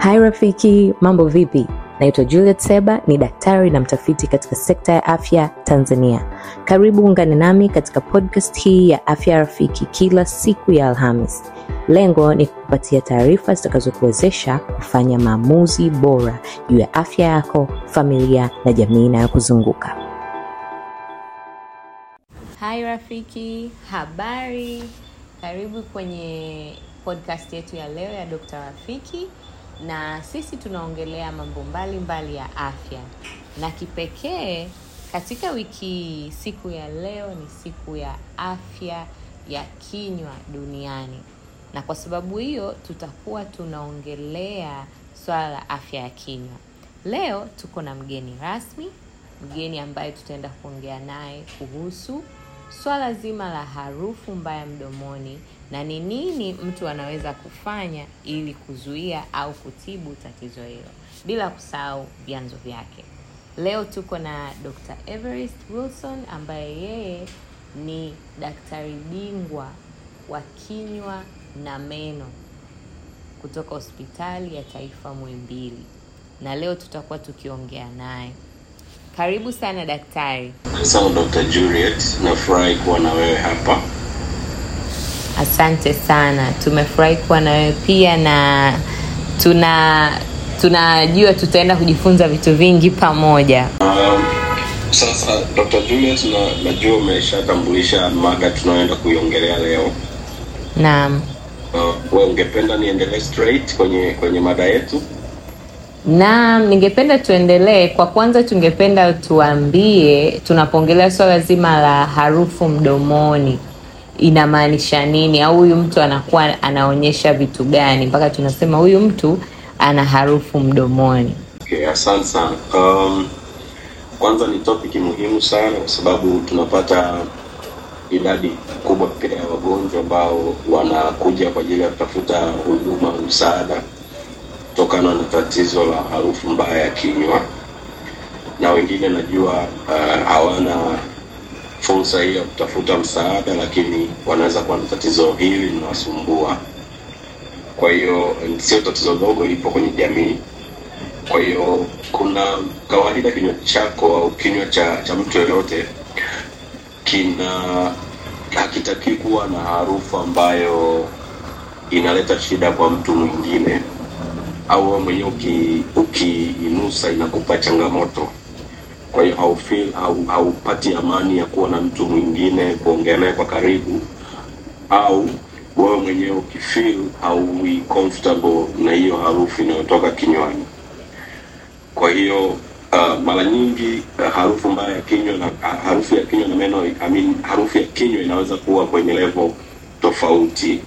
Hai rafiki, mambo vipi? Naitwa Juliet Seba, ni daktari na mtafiti katika sekta ya afya Tanzania. Karibu ungane nami katika podcast hii ya Afya Rafiki kila siku ya Alhamis. Lengo ni kukupatia taarifa zitakazokuwezesha kufanya maamuzi bora juu ya afya yako, familia na jamii inayokuzunguka. Hai rafiki, habari. Karibu kwenye podcast yetu ya leo ya Dokta Rafiki na sisi tunaongelea mambo mbalimbali ya afya, na kipekee katika wiki siku ya leo ni siku ya afya ya kinywa duniani, na kwa sababu hiyo tutakuwa tunaongelea swala la afya ya kinywa. Leo tuko na mgeni rasmi, mgeni ambaye tutaenda kuongea naye kuhusu swala zima la harufu mbaya mdomoni na ni nini mtu anaweza kufanya ili kuzuia au kutibu tatizo hilo, bila kusahau vyanzo vyake. Leo tuko na Dr. Everest Wilson ambaye yeye ni daktari bingwa wa kinywa na meno kutoka hospitali ya taifa mwimbili na leo tutakuwa tukiongea naye karibu sana daktari. Asante Dr. Juliet, nafurahi kuwa na wewe hapa. Asante sana, tumefurahi kuwa na wewe pia, na tuna tunajua tutaenda kujifunza vitu vingi pamoja. Um, sasa Dr. Juliet, na najua umeshatambulisha mada tunayoenda kuiongelea leo. Naam. Uh, ungependa niendelee straight kwenye kwenye mada yetu? Naam, ningependa tuendelee. Kwa kwanza, tungependa tuambie, tunapoongelea swala zima la harufu mdomoni inamaanisha nini, au huyu mtu anakuwa anaonyesha vitu gani mpaka tunasema huyu mtu ana harufu mdomoni? Okay, asante sana. Um, kwanza ni topic muhimu sana kwa sababu tunapata idadi kubwa pia ya wagonjwa ambao wanakuja kwa ajili ya kutafuta huduma, msaada kutokana na tatizo la harufu mbaya ya kinywa, na wengine najua uh, hawana fursa hii ya kutafuta msaada, lakini wanaweza kuwa na tatizo hili linawasumbua. Kwa hiyo sio tatizo dogo, lipo kwenye jamii. Kwa hiyo kuna kawaida kinywa chako au kinywa cha, cha mtu yoyote kina hakitaki kuwa na harufu ambayo inaleta shida kwa mtu mwingine au wewe mwenyewe uki, ukiinusa inakupa changamoto. Kwa hiyo feel au haupati amani ya kuwa na mtu mwingine kuongea naye kwa karibu, au wewe mwenyewe ukifeel we comfortable na hiyo harufu inayotoka kinywani. Kwa hiyo Uh, mara nyingi uh, harufu mbaya ya kinywa na uh, harufu ya kinywa na meno I mean, harufu ya kinywa inaweza kuwa kwenye level tofauti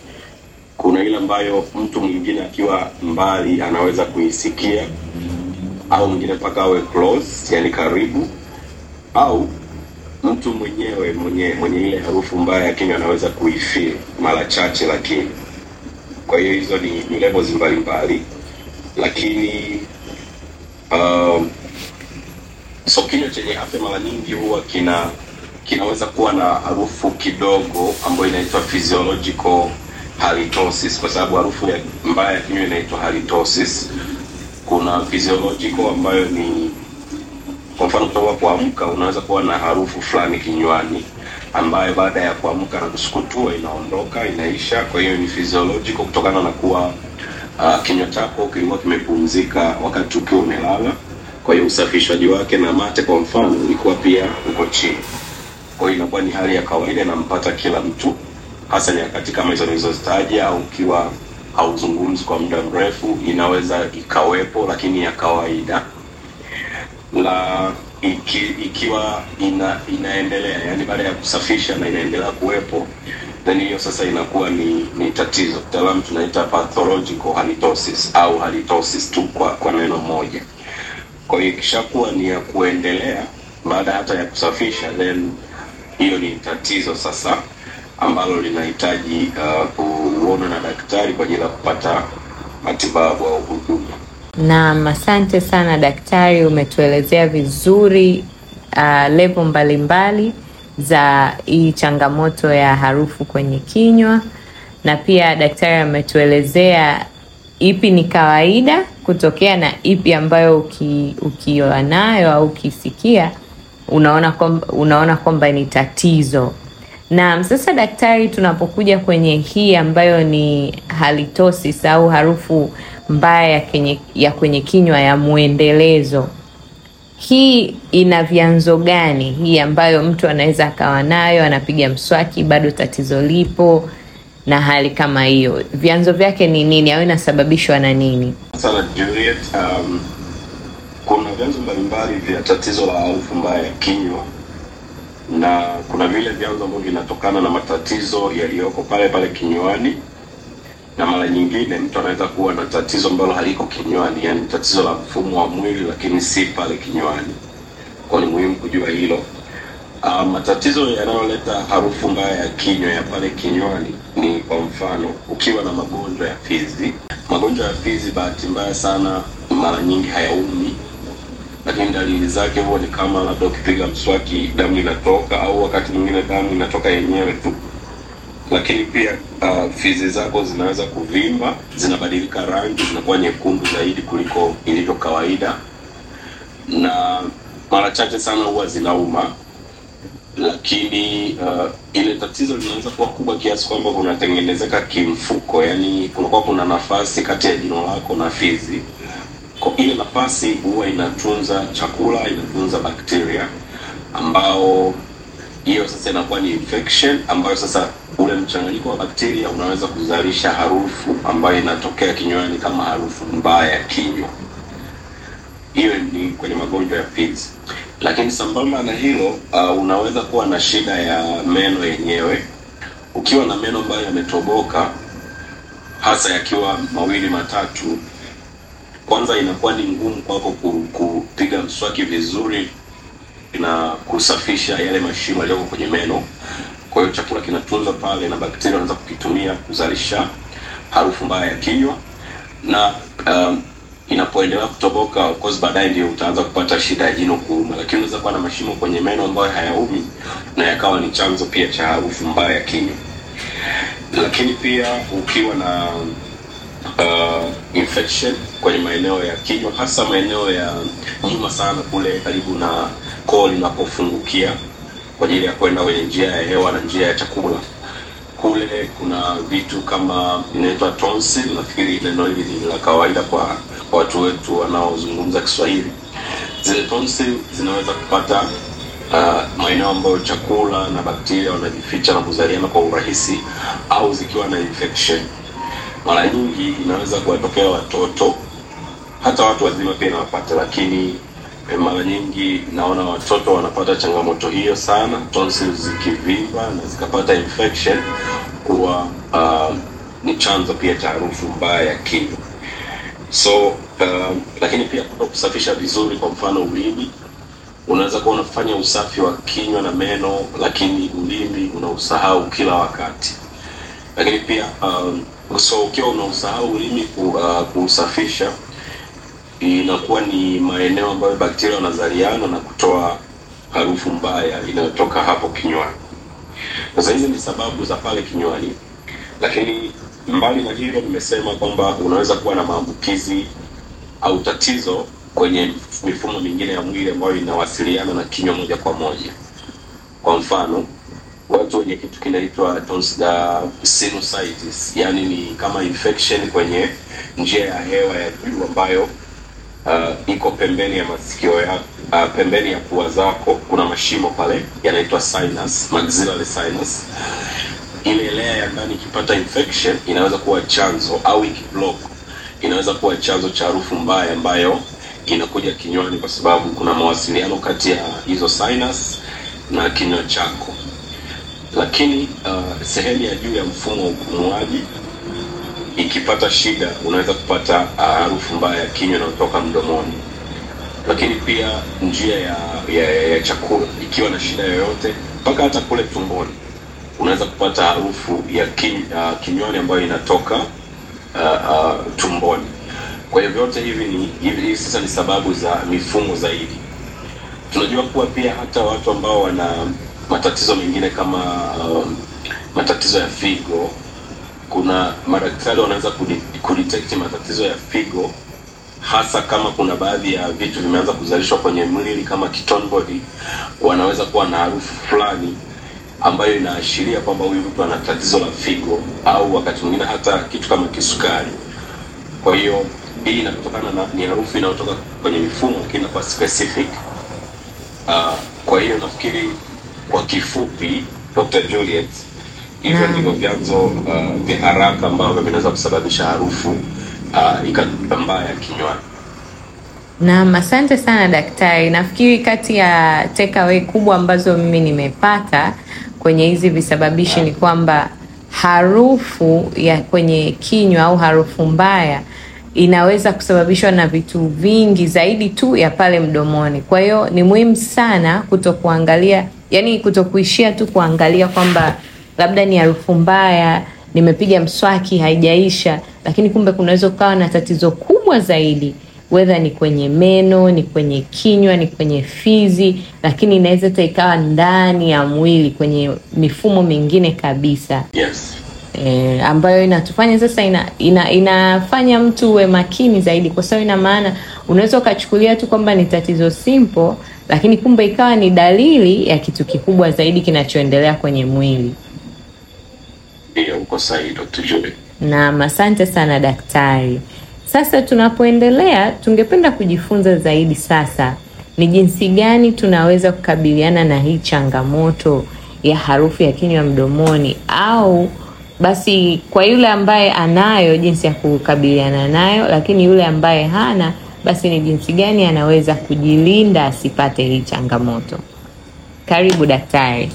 kuna ile ambayo mtu mwingine akiwa mbali anaweza kuisikia au mwingine mpaka awe close, yani karibu, au mtu mwenyewe mwenye mwenye ile harufu mbaya ya anaweza kuifeel mara chache, lakini kwa hiyo hizo ni, ni levels mbalimbali, lakini um, so kinywa chenye afya mara nyingi huwa kina kinaweza kuwa na harufu kidogo ambayo inaitwa physiological halitosis, kwa sababu harufu ya mbaya ya kinywa inaitwa halitosis. Kuna physiological ambayo ni kwa mfano, kutoka kuamka unaweza kuwa na harufu fulani kinywani ambayo baada ya kuamka na kusukutua inaondoka, inaisha. Kwa hiyo ni physiological kutokana na kuwa uh, kinywa chako kilikuwa kimepumzika wakati ukiwa umelala, kwa hiyo usafishaji wake na mate kwa mfano ulikuwa pia uko chini. Kwa hiyo inakuwa ni hali ya kawaida, inampata kila mtu hasa nyakati kama hizo nilizozitaja, au ukiwa hauzungumzi kwa muda mrefu, inaweza ikawepo, lakini ya kawaida la iki, ikiwa ina, inaendelea yani baada ya kusafisha na inaendelea kuwepo then hiyo sasa inakuwa ni, ni tatizo kitaalamu tunaita pathological halitosis au halitosis tu kwa, kwa neno moja kwa hiyo ikishakuwa ni ya kuendelea baada hata ya kusafisha then hiyo ni tatizo sasa ambalo linahitaji uh, kuona na daktari kwa ajili ya kupata matibabu au huduma. Naam, asante sana daktari, umetuelezea vizuri uh, levo mbalimbali za hii changamoto ya harufu kwenye kinywa, na pia daktari ametuelezea ipi ni kawaida kutokea na ipi ambayo uki, ukiwa nayo au ukisikia unaona kwamba unaona kwamba ni tatizo. Naam, sasa daktari, tunapokuja kwenye hii ambayo ni halitosis au harufu mbaya ya, kwenye, ya kwenye kinywa ya mwendelezo, hii ina vyanzo gani? Hii ambayo mtu anaweza akawa nayo anapiga mswaki bado tatizo lipo na hali kama hiyo, vyanzo vyake ni nini au inasababishwa na nini? Sana Juliet, um, kuna vyanzo mbalimbali vya tatizo la harufu mbaya ya kinywa na kuna vile vyanzo ambavyo vinatokana na matatizo yaliyoko pale pale kinywani, na mara nyingine mtu anaweza kuwa na tatizo ambalo haliko kinywani, yani tatizo la mfumo wa mwili, lakini si pale kinywani. Kwa ni muhimu kujua hilo. Uh, matatizo yanayoleta harufu mbaya ya kinywa ya pale kinywani ni kwa mfano, ukiwa na magonjwa ya fizi. Magonjwa ya fizi, bahati mbaya sana, mara nyingi hayaumi lakini dalili zake huwa ni kama labda ukipiga mswaki damu inatoka au wakati mwingine damu inatoka yenyewe tu lakini pia uh, fizi zako zinaanza kuvimba zinabadilika rangi zinakuwa nyekundu zaidi kuliko ilivyo kawaida na mara chache sana huwa zinauma lakini uh, ile tatizo linaanza kuwa kubwa kiasi kwamba kunatengenezeka kimfuko yani kunakuwa kuna nafasi kati ya jino lako na fizi kwa ile nafasi huwa inatunza chakula, inatunza bakteria ambao hiyo sasa inakuwa ni infection ambayo sasa ule mchanganyiko wa bakteria unaweza kuzalisha harufu ambayo inatokea kinywani kama harufu mbaya ya kinywa. Hiyo ni kwenye magonjwa ya fizi. Lakini sambamba na hilo, uh, unaweza kuwa na shida ya meno yenyewe. Ukiwa na meno ambayo yametoboka, hasa yakiwa mawili matatu, kwanza inakuwa ni ngumu kwako kupiga mswaki vizuri na kusafisha yale mashimo yaliyoko kwenye meno kwa hiyo chakula kinatunzwa pale na bakteria wanaweza kukitumia kuzalisha harufu mbaya ya kinywa na um, inapoendelea kutoboka of course baadaye ndio utaanza kupata shida ya jino kuuma lakini unaweza kuwa na mashimo kwenye meno ambayo hayaumi na yakawa ni chanzo pia cha harufu mbaya ya kinywa lakini pia ukiwa na uh, infection kwenye maeneo ya kinywa, hasa maeneo ya nyuma sana kule karibu na koo linapofungukia kwa ajili ya kwenda kwenye njia ya hewa na njia ya chakula. Kule kuna vitu kama inaitwa tonsil, nafikiri neno hili ni la kawaida kwa watu wetu wanaozungumza Kiswahili. Zile tonsil zinaweza kupata uh, maeneo ambayo chakula na bakteria wanajificha na kuzaliana kwa urahisi, au zikiwa na infection mara nyingi inaweza kuwatokea watoto, hata watu wazima pia inawapata, lakini eh, mara nyingi naona watoto wanapata changamoto hiyo sana, tonsils zikivimba na zikapata infection kuwa uh, ni chanzo pia cha harufu mbaya ya kinywa. So uh, lakini pia kuto kusafisha vizuri, kwa mfano ulimi unaweza kuwa unafanya usafi wa kinywa na meno, lakini ulimi unausahau kila wakati. Lakini pia um, So ukiwa unausahau ulimi ku, uh, kuusafisha inakuwa ni maeneo ambayo bakteria wanazaliana na kutoa harufu mbaya inayotoka hapo kinywani. Sasa hizi ni sababu za pale kinywani, lakini mbali na hilo, nimesema kwamba unaweza kuwa na maambukizi au tatizo kwenye mifumo mingine ya mwili ambayo inawasiliana na kinywa moja kwa moja. Kwa mfano, watu wenye kitu kinaitwa sinusitis, yani ni kama infection kwenye njia ya hewa ya juu ambayo uh, iko pembeni ya masikio ya uh, pembeni ya pua zako, kuna mashimo pale yanaitwa sinus, maxillary sinus. Ile layer ya ndani ikipata infection inaweza kuwa chanzo au ikiblock inaweza kuwa chanzo cha harufu mbaya ambayo inakuja kinywani, kwa sababu kuna mawasiliano kati ya hizo sinus na kinywa chako lakini uh, sehemu ya juu ya mfumo wa upumuaji ikipata shida, unaweza kupata uh, harufu uh, mbaya ya kinywa inayotoka mdomoni. Lakini pia njia ya, ya, ya, ya chakula ikiwa na shida yoyote, mpaka hata kule tumboni unaweza kupata harufu ya kin, uh, kinywani ambayo inatoka uh, uh, tumboni. Kwa hiyo vyote hivi ni hivi sasa ni sababu za mifumo zaidi. Tunajua kuwa pia hata watu ambao wana matatizo mengine kama um, matatizo ya figo. Kuna madaktari wanaweza kudetect matatizo ya figo, hasa kama kuna baadhi ya vitu vimeanza kuzalishwa kwenye mwili kama ketone body, wanaweza kuwa na harufu fulani ambayo inaashiria kwamba huyu mtu ana tatizo la figo au wakati mwingine hata kitu kama kisukari. Kwa hiyo hii inatokana na ni harufu inayotoka kwenye mifumo, lakini kwa specific. Uh, kwa hiyo nafikiri kwa kifupi Dr. Juliet. Hivyo ndivyo vyanzo uh, vya haraka ambavyo vinaweza kusababisha harufu uh, ikawa mbaya kinywani. Naam, asante sana daktari. Nafikiri kati ya takeaway kubwa ambazo mimi nimepata kwenye hizi visababishi ni kwamba harufu ya kwenye kinywa au harufu mbaya inaweza kusababishwa na vitu vingi zaidi tu ya pale mdomoni. Kwa hiyo ni muhimu sana kutokuangalia yani kutokuishia tu kuangalia kwamba labda ni harufu mbaya, nimepiga mswaki haijaisha, lakini kumbe kunaweza ukawa na tatizo kubwa zaidi wedha ni kwenye meno, ni kwenye kinywa, ni kwenye fizi, lakini inaweza hata ikawa ndani ya mwili kwenye mifumo mingine kabisa. Yes. E, ambayo inatufanya sasa ina, ina, inafanya mtu uwe makini zaidi, kwa sababu ina maana unaweza ukachukulia tu kwamba ni tatizo simple, lakini kumbe ikawa ni dalili ya kitu kikubwa zaidi kinachoendelea kwenye mwili. Ndiyo, uko sahihi Dr. Naam, asante sana daktari. Sasa tunapoendelea, tungependa kujifunza zaidi sasa ni jinsi gani tunaweza kukabiliana na hii changamoto ya harufu ya kinywa mdomoni, au basi kwa yule ambaye anayo jinsi ya kukabiliana nayo, lakini yule ambaye hana basi ni jinsi gani anaweza kujilinda asipate hii changamoto. Karibu daktari.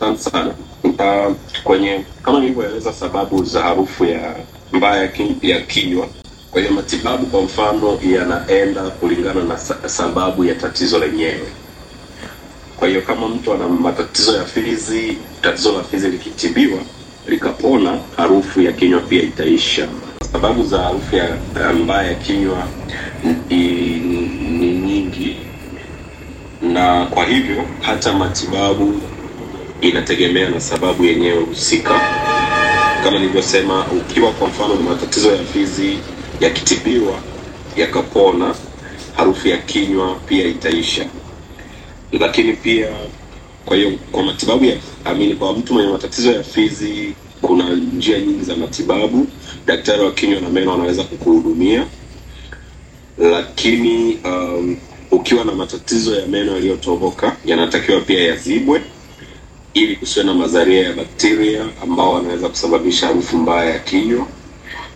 Asante sana. Uh, kwenye kama nilivyoeleza sababu za harufu ya mbaya ya kinywa, kwa hiyo matibabu kwa mfano yanaenda kulingana na sababu ya tatizo lenyewe. Kwa hiyo kama mtu ana matatizo ya fizi, tatizo la fizi likitibiwa likapona, harufu ya kinywa pia itaisha. Sababu za harufu ya mbaya ya kinywa ni nyingi, na kwa hivyo hata matibabu inategemea na sababu yenyewe husika. Kama nilivyosema, ukiwa kwa mfano na matatizo ya fizi yakitibiwa yakapona, harufu ya kinywa pia itaisha. Lakini pia kwa hiyo kwa matibabu ya amini, kwa mtu mwenye matatizo ya fizi kuna njia nyingi za matibabu. Daktari wa kinywa na meno anaweza kukuhudumia, lakini um, ukiwa na matatizo ya meno yaliyotoboka yanatakiwa pia yazibwe ili kusiwe na mazaria ya bakteria ambao wanaweza kusababisha harufu mbaya ya kinywa.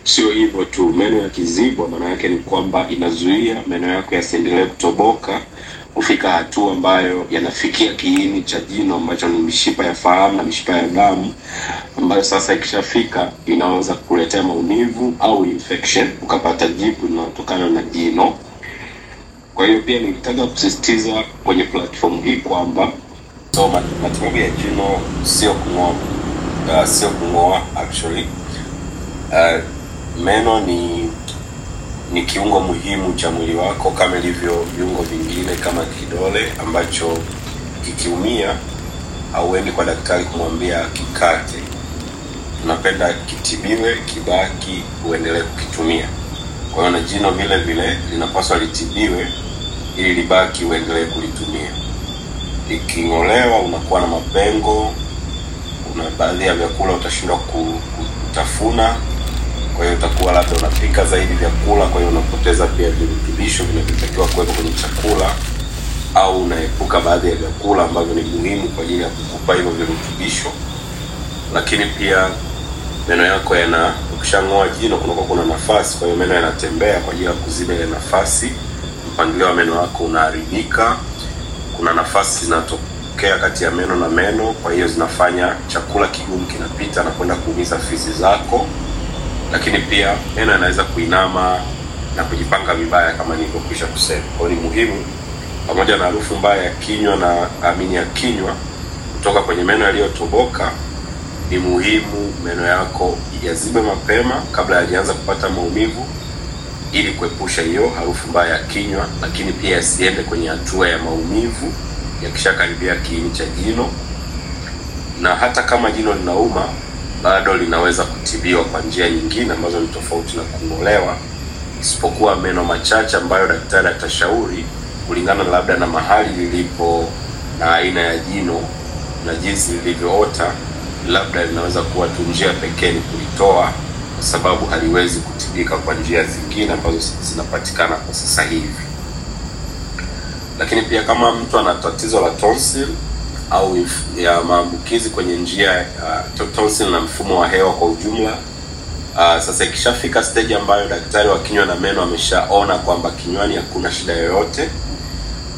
Sio hivyo tu, meno yakizibwa, maana yake ni kwamba inazuia meno yako yasiendelee kutoboka kufika hatua ambayo yanafikia kiini cha jino ambacho ni mishipa ya fahamu na mishipa ya damu, ambayo sasa ikishafika inaweza kuletea maumivu au infection, ukapata jipu linalotokana na jino. Kwa hiyo pia nilitaka kusisitiza kwenye platform hii kwamba so matibabu ya jino sio kung'oa, uh, sio kung'oa actually uh, meno ni ni kiungo muhimu cha mwili wako kama ilivyo viungo vingine kama kidole ambacho kikiumia hauendi kwa daktari kumwambia kikate. Tunapenda kitibiwe, kibaki, uendelee kukitumia. Kwa hiyo na jino vile vile linapaswa litibiwe ili libaki, uendelee kulitumia. Iking'olewa unakuwa na mapengo, una baadhi ya vyakula utashindwa kutafuna kwa hiyo utakuwa labda unapika zaidi vyakula, kwa hiyo unapoteza pia virutubisho vinavyotakiwa kuwepo kwenye chakula, au unaepuka baadhi ya vyakula ambavyo ni muhimu kwa ajili ya kukupa hivyo virutubisho. Lakini pia meno yako yana, ukishang'oa jino kunakuwa kuna nafasi, kwa hiyo meno yanatembea kwa ajili ya kuziba ile nafasi. Mpangilio wa meno yako unaharibika, kuna nafasi zinatokea kati ya meno na meno, kwa hiyo zinafanya chakula kigumu kinapita na kwenda kuumiza fizi zako lakini pia meno yanaweza kuinama na kujipanga vibaya kama nilivyokwisha kusema. Kwa hiyo ni muhimu, pamoja na harufu mbaya ya kinywa na amini ya kinywa kutoka kwenye meno yaliyotoboka, ni muhimu meno yako yazibe mapema kabla yajaanza kupata maumivu, ili kuepusha hiyo harufu mbaya ya kinywa, lakini pia yasiende kwenye hatua ya maumivu yakishakaribia kiini cha jino, na hata kama jino linauma bado linaweza kutibiwa kwa njia nyingine ambazo ni tofauti na kung'olewa, isipokuwa meno machache ambayo daktari atashauri kulingana labda na mahali lilipo na aina ya jino na jinsi lilivyoota, labda linaweza kuwa tu njia pekee ni kulitoa, kwa sababu haliwezi kutibika kwa njia zingine ambazo zinapatikana kwa sasa hivi. Lakini pia kama mtu ana tatizo la tonsil au ya maambukizi kwenye njia uh, na mfumo wa hewa kwa ujumla. Uh, sasa ikishafika stage ambayo daktari wa kinywa na meno ameshaona kwamba kinywani hakuna shida yoyote,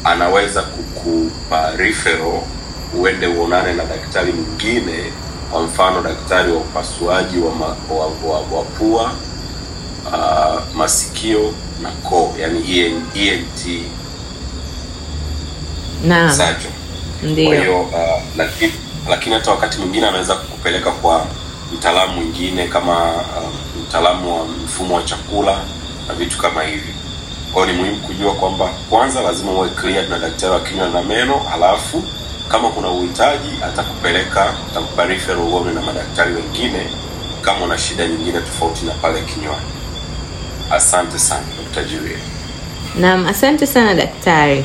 anaweza kukupa referral uende uonane na daktari mwingine, kwa mfano daktari wa upasuaji wa, ma, wa, wa, wa pua uh, masikio na koo, yani ENT. Naam. Ndio. Kwa hiyo uh, lakini lakini hata wakati mwingine anaweza kukupeleka kwa mtaalamu mwingine kama uh, mtaalamu wa mfumo wa chakula na vitu kama hivyo. Kwa hiyo ni muhimu kujua kwamba kwanza lazima uwe cleared na daktari wa kinywa na meno, halafu kama kuna uhitaji atakupeleka atakupa referral uone na madaktari wengine kama una shida nyingine tofauti na pale kinywani. Asante sana Dr. Julia. Naam, asante sana daktari.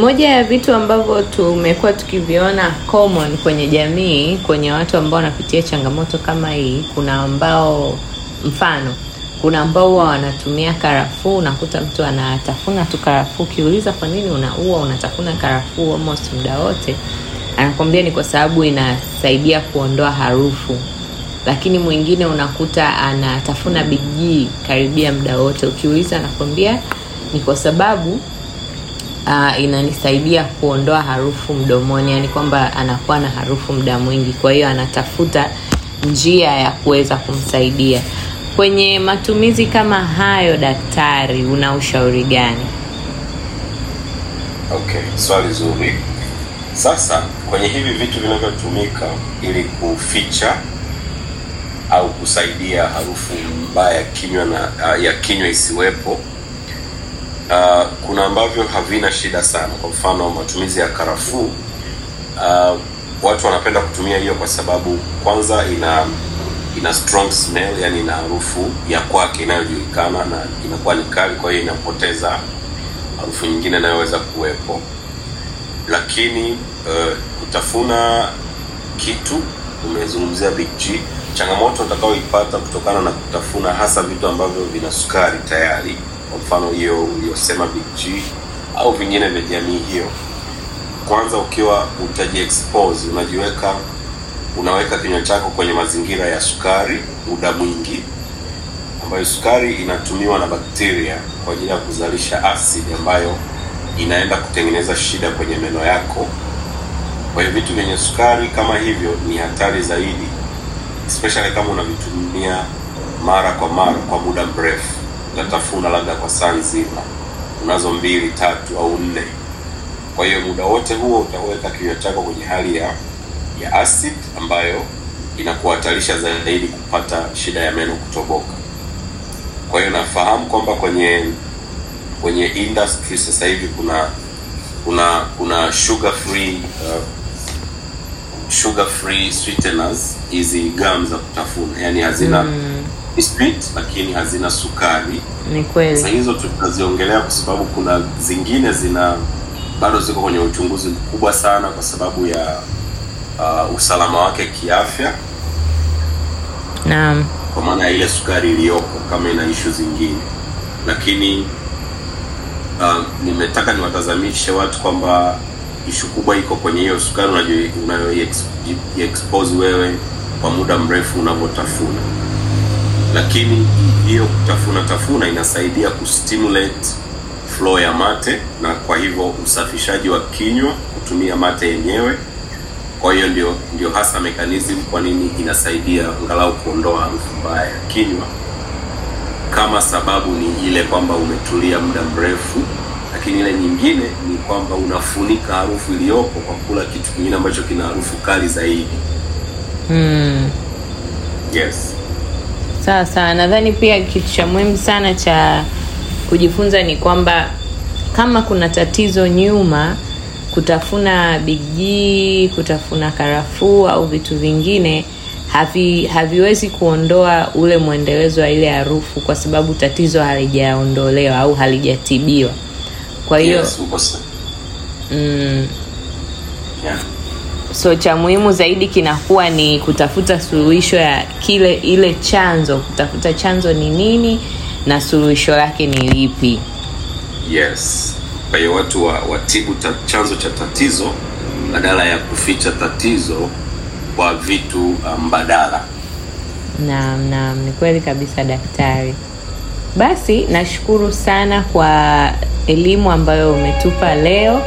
Moja ya vitu ambavyo tumekuwa tukiviona common kwenye jamii, kwenye watu ambao wanapitia changamoto kama hii, kuna ambao mfano, kuna ambao huwa wanatumia karafuu. Unakuta mtu anatafuna tu karafuu, ukiuliza kwa nini unaua unatafuna karafuu almost muda wote, anakwambia ni kwa sababu inasaidia kuondoa harufu. Lakini mwingine unakuta anatafuna bigi karibia muda wote, ukiuliza anakwambia ni kwa sababu uh, inanisaidia kuondoa harufu mdomoni, yani kwamba anakuwa na harufu muda mwingi, kwa hiyo anatafuta njia ya kuweza kumsaidia kwenye matumizi kama hayo. Daktari, una ushauri gani? Okay, swali zuri. Sasa kwenye hivi vitu vinavyotumika ili kuficha au kusaidia harufu mbaya kinywa na ya kinywa isiwepo Uh, kuna ambavyo havina shida sana. Kwa mfano matumizi ya karafuu uh, watu wanapenda kutumia hiyo kwa sababu kwanza ina ina strong smell, yani ina harufu ya kwake inayojulikana na inakuwa ni kali, kwa hiyo inapoteza harufu nyingine inayoweza kuwepo. Lakini uh, kutafuna kitu umezungumzia Big G, changamoto utakaoipata kutokana na kutafuna hasa vitu ambavyo vina sukari tayari kwa mfano hiyo uliyosema Big G au vingine vya jamii hiyo. Kwanza ukiwa utaji expose, unajiweka unaweka kinywa chako kwenye mazingira ya sukari muda mwingi, ambayo sukari inatumiwa na bakteria kwa ajili ya kuzalisha asidi ambayo inaenda kutengeneza shida kwenye meno yako. Kwa hiyo vitu vyenye sukari kama hivyo ni hatari zaidi, especially kama unavitumia mara kwa mara kwa muda mrefu utatafuna labda kwa saa nzima, unazo mbili tatu au nne. Kwa hiyo muda wote huo utaweka kinywa chako kwenye hali ya ya acid ambayo inakuhatarisha zaidi kupata shida ya meno kutoboka. Kwa hiyo nafahamu kwamba kwenye kwenye industry sasa hivi kuna kuna kuna sugar free uh, sugar free sweeteners, hizi gum za kutafuna, yani hazina mm biscuit lakini hazina sukari. Ni kweli. Sasa hizo tutaziongelea kwa sababu kuna zingine zina bado ziko kwenye uchunguzi mkubwa sana kwa sababu ya uh, usalama wake kiafya. Naam. Kwa maana ya ile sukari iliyoko kama ina ishu zingine, lakini uh, nimetaka niwatazamishe watu kwamba ishu kubwa iko kwenye hiyo sukari unayoiexpose wewe kwa muda mrefu unavyotafuna lakini hiyo kutafuna tafuna inasaidia kustimulate flow ya mate na kwa hivyo usafishaji wa kinywa kutumia mate yenyewe. Kwa hiyo ndio, ndio hasa mekanizmu kwa nini inasaidia angalau kuondoa harufu mbaya ya kinywa. Kama sababu ni ile kwamba umetulia muda mrefu, lakini ile nyingine ni kwamba unafunika harufu iliyopo kwa kula kitu kingine ambacho kina harufu kali zaidi. Mm. Yes. Sawa sawa, nadhani pia kitu cha muhimu sana cha kujifunza ni kwamba kama kuna tatizo nyuma, kutafuna bigii, kutafuna karafuu au vitu vingine havi, haviwezi kuondoa ule mwendelezo wa ile harufu, kwa sababu tatizo halijaondolewa au halijatibiwa. Kwa hiyo yes, mm, yeah so cha muhimu zaidi kinakuwa ni kutafuta suluhisho ya kile ile chanzo, kutafuta chanzo ni nini na suluhisho lake ni lipi. Yes, kwa hiyo watu wa, watibu ta, chanzo cha tatizo badala ya kuficha tatizo kwa vitu um, mbadala. Naam, naam, ni kweli kabisa daktari. Basi nashukuru sana kwa elimu ambayo umetupa leo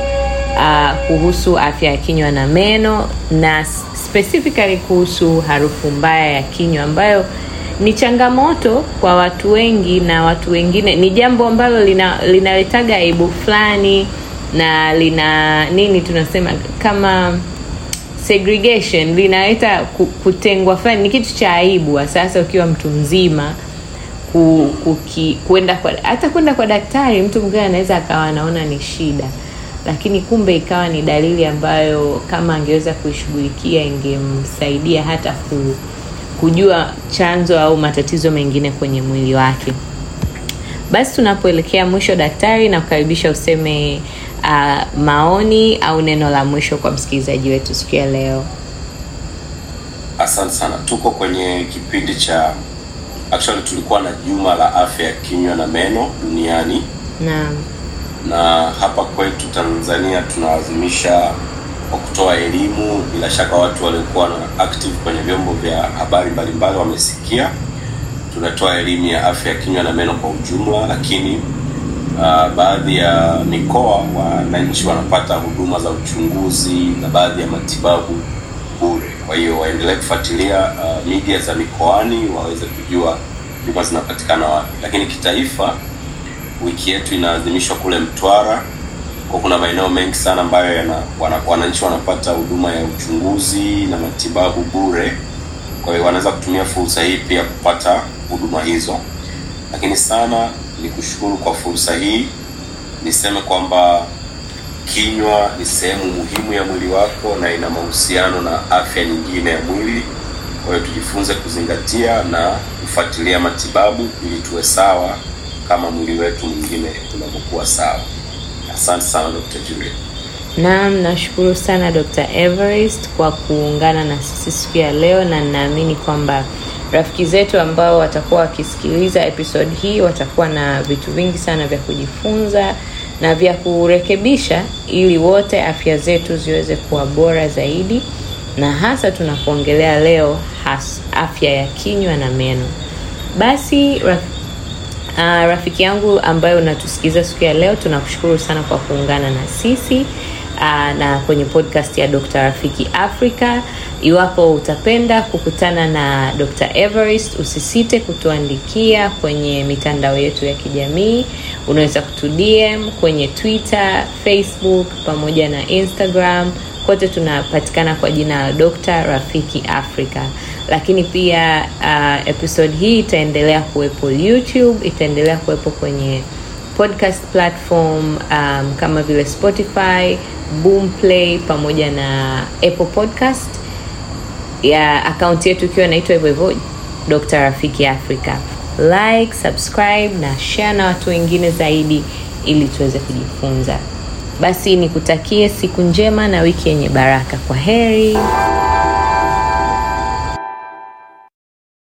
uh, kuhusu afya ya kinywa na meno na specifically kuhusu harufu mbaya ya kinywa ambayo ni changamoto kwa watu wengi na watu wengine ni jambo ambalo lina, linaletaga aibu fulani na lina nini tunasema kama segregation linaleta kutengwa fulani ni kitu cha aibu sasa ukiwa mtu mzima ku, kuki, kwa hata kwenda kwa daktari mtu mwingine anaweza akawa anaona ni shida lakini kumbe ikawa ni dalili ambayo kama angeweza kuishughulikia ingemsaidia hata ku, kujua chanzo au matatizo mengine kwenye mwili wake. Basi tunapoelekea mwisho, daktari, na kukaribisha useme uh, maoni au neno la mwisho kwa msikilizaji wetu siku ya leo. Asante sana. Tuko kwenye kipindi cha actually, tulikuwa na juma la afya ya kinywa na meno duniani. Naam na hapa kwetu Tanzania tunawazimisha kwa kutoa elimu. Bila shaka watu waliokuwa na active kwenye vyombo vya habari mbalimbali wamesikia. Tunatoa elimu ya afya ya kinywa na meno kwa ujumla, lakini uh, baadhi ya mikoa wananchi wanapata huduma za uchunguzi na baadhi ya matibabu bure. Kwa hiyo waendelee kufuatilia uh, media za mikoani waweze kujua huduma zinapatikana wapi, lakini kitaifa wiki yetu inaadhimishwa kule Mtwara kwa kuna maeneo mengi sana ambayo wananchi wanapata huduma ya uchunguzi na matibabu bure. Kwa hiyo wanaweza kutumia fursa hii pia kupata huduma hizo, lakini sana ni kushukuru kwa fursa hii. Niseme kwamba kinywa ni sehemu muhimu ya mwili wako na ina mahusiano na afya nyingine ya mwili. Kwa hiyo tujifunze kuzingatia na kufuatilia matibabu ili tuwe sawa kama mwili wetu mwingine unapokuwa sawa asante sana dr julian Naam, nashukuru sana Dr. Everest kwa kuungana na sisi siku ya leo, na ninaamini kwamba rafiki zetu ambao watakuwa wakisikiliza episode hii watakuwa na vitu vingi sana vya kujifunza na vya kurekebisha, ili wote afya zetu ziweze kuwa bora zaidi, na hasa tunapoongelea leo has, afya ya kinywa na meno. Basi rafiki Uh, rafiki yangu ambayo unatusikiza siku ya leo, tunakushukuru sana kwa kuungana na sisi uh, na kwenye podcast ya Dr. Rafiki Africa. Iwapo utapenda kukutana na Dr. Everest, usisite kutuandikia kwenye mitandao yetu ya kijamii. Unaweza kutudm kwenye Twitter, Facebook pamoja na Instagram. Kote tunapatikana kwa jina la Dr. Rafiki Africa lakini pia uh, episode hii itaendelea kuwepo YouTube, itaendelea kuwepo kwenye podcast platform um, kama vile Spotify, Boomplay pamoja na Apple Podcast ya akaunti yetu ikiwa inaitwa hivyo hivyo Dr. Rafiki Africa. Like, subscribe na share na watu wengine zaidi ili tuweze kujifunza. Basi nikutakie siku njema na wiki yenye baraka. Kwa heri.